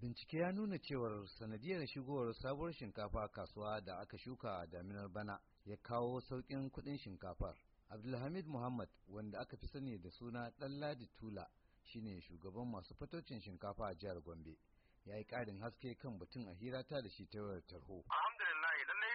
bincike ya nuna cewar sanadiyar shigowar sabuwar shinkafa kasuwa da aka shuka a daminar bana ya kawo sauƙin kuɗin shinkafar abdulhamid muhammad wanda aka fi sani da suna Ladi tula shine shugaban masu fatocin shinkafa a jihar gombe ya yi ƙarin haske kan batun a hirata da shi ta wayar tarho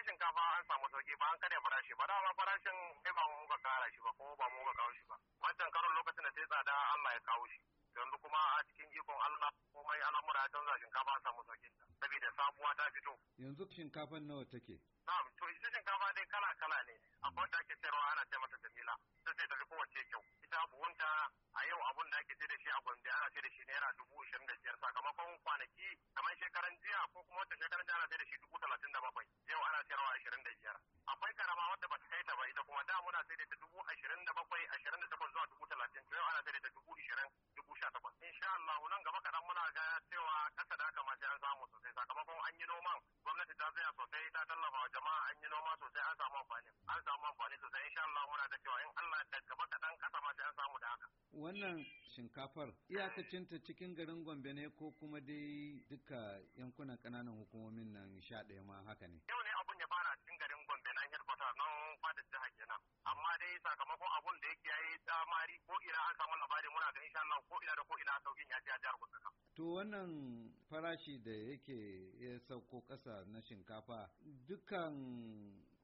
shinkafa an samu sauki ba an karya farashi ba farashin ba mu muka kara shi ba kuma ba mu muka kawo shi ba wancan karon lokacin da sai tsada Allah ya kawo shi yanzu kuma a cikin ikon Allah komai al'amura ya canza shinkafa a samu sauƙin saboda sabuwa ta fito. Yanzu shinkafa nawa take? Na'am to ita shinkafa dai kala kala ne akwai da ake sayarwa ana ce mata Jamila ta ce ta fi kowace kyau ita buhunta a yau abun da ake ce da shi a Gombe ana ce da shi naira dubu ishirin da biyar sakamakon kwanaki kamar shekaran jiya ko kuma wata shekaran jiya ana sai da shi dubu talatin da bakwai yau ana sayarwa ashirin da biyar akwai karama wadda ba ta kai ta ba ita kuma da muna sai da ta dubu ashirin da bakwai ashirin talatin to yau ana tare da dubu ishirin dubu sha takwas insha Allah nan gaba kaɗan muna ga cewa ƙasa da aka mace an samu sosai sakamakon an yi noman gwamnati ta tsaya sosai ta tallafa wa jama'a an yi noma sosai an samu amfani an samu amfani sosai insha Allah muna da cewa in Allah da gaba kaɗan kasa ma an samu da haka. Wannan shinkafar iyakacinta cikin garin Gombe ne ko kuma dai duka yankunan ƙananan hukumomin nan sha ɗaya ma haka ne. Yau ne abun ya fara labari ko ina an samu labari muna ga insha Allah ko ina da ko ina saukin ya ji a jihar To wannan farashi da yake ya sauko ƙasa na shinkafa dukkan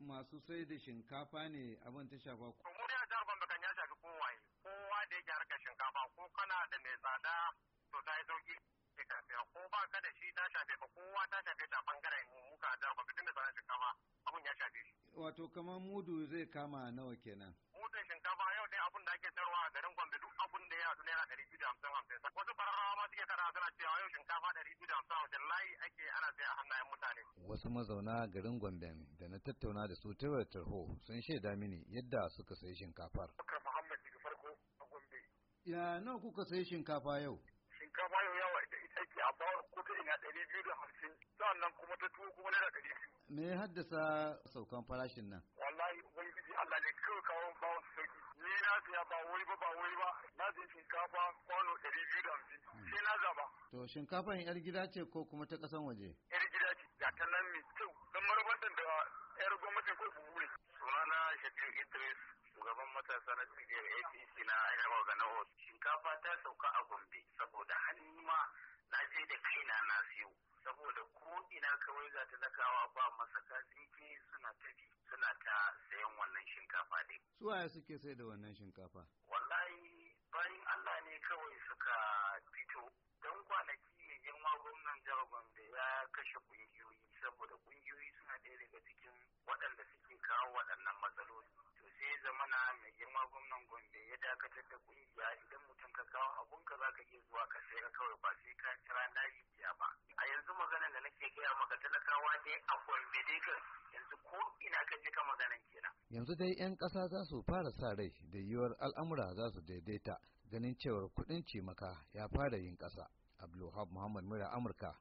masu sai da shinkafa ne abin ta shafa ku. Mu da jihar Gombe kan ya shafi kowaye kowa da yake harkar shinkafa ko kana da mai tsada to ta yi sauki. ko ba ka da shi ta shafe ka kowa ta shafe ta bangaren mu muka jihar Gombe tun da sanar shinkafa abin ya shafe shi. Wato kamar mudu zai kama nawa kenan. Mudun abun da ake sayarwa a garin Gombe duk abun da ya haɗu naira ɗari biyu da hamsin hamsin. Wasu fararawa ma suke tara suna cewa yau shinkafa ɗari biyu da hamsin hamsin layi ake ana saya a hannayen mutane. Wasu mazauna garin Gombe da na tattauna da su ta tarho sun shaida mini yadda suka sayi shinkafar. Bakar Muhammad daga farko a Gombe. Ya nawa kuka sayi shinkafa yau? Shinkafa yau yawa ita ita ke a bawar kuɗi ina ɗari biyu da hamsin. Sa'an nan kuma ta tuwo kuma naira ɗari biyu. Me ya haddasa saukan farashin nan? buhun shinkafa kwano ɗari biyu da hamsin hmm. sai na zaba. To shinkafan yar gida ce ko kuma ta ƙasan waje? Yar gida ce ga ta nan mai kyau don marabantar da yar gwamnatin ko buhu ne. Sunana Shafiu Idris shugaban matasa na cibiyar APC na Ainihin Organo Shinkafa ta sauka a Gombe saboda hannu ma na je da kaina na siyo. saboda ko ina kawai za ta dakawa ba masaka tsinke suna tafi suna ta sayan wannan shinkafa ɗin. Suwaye suke sai da wannan shinkafa? kashe kungiyoyi saboda kungiyoyi suna ɗaya daga cikin waɗanda suke kawo waɗannan matsaloli to sai zama na mai girma gwamnan gombe ya dakatar da ƙungiya idan mutum ka kawo abun ka zaka iya zuwa ka sayar kawai ba sai ka kira na biya ba a yanzu magana da nake gaya maka talakawa dai a gombe dai kan yanzu ko ina ka ji ka maganan kenan yanzu dai 'yan ƙasa za su fara sa rai da yiwuwar al'amura za su daidaita ganin cewar kuɗin cimaka ya fara yin ƙasa. Abdulhab Muhammad Mura Amurka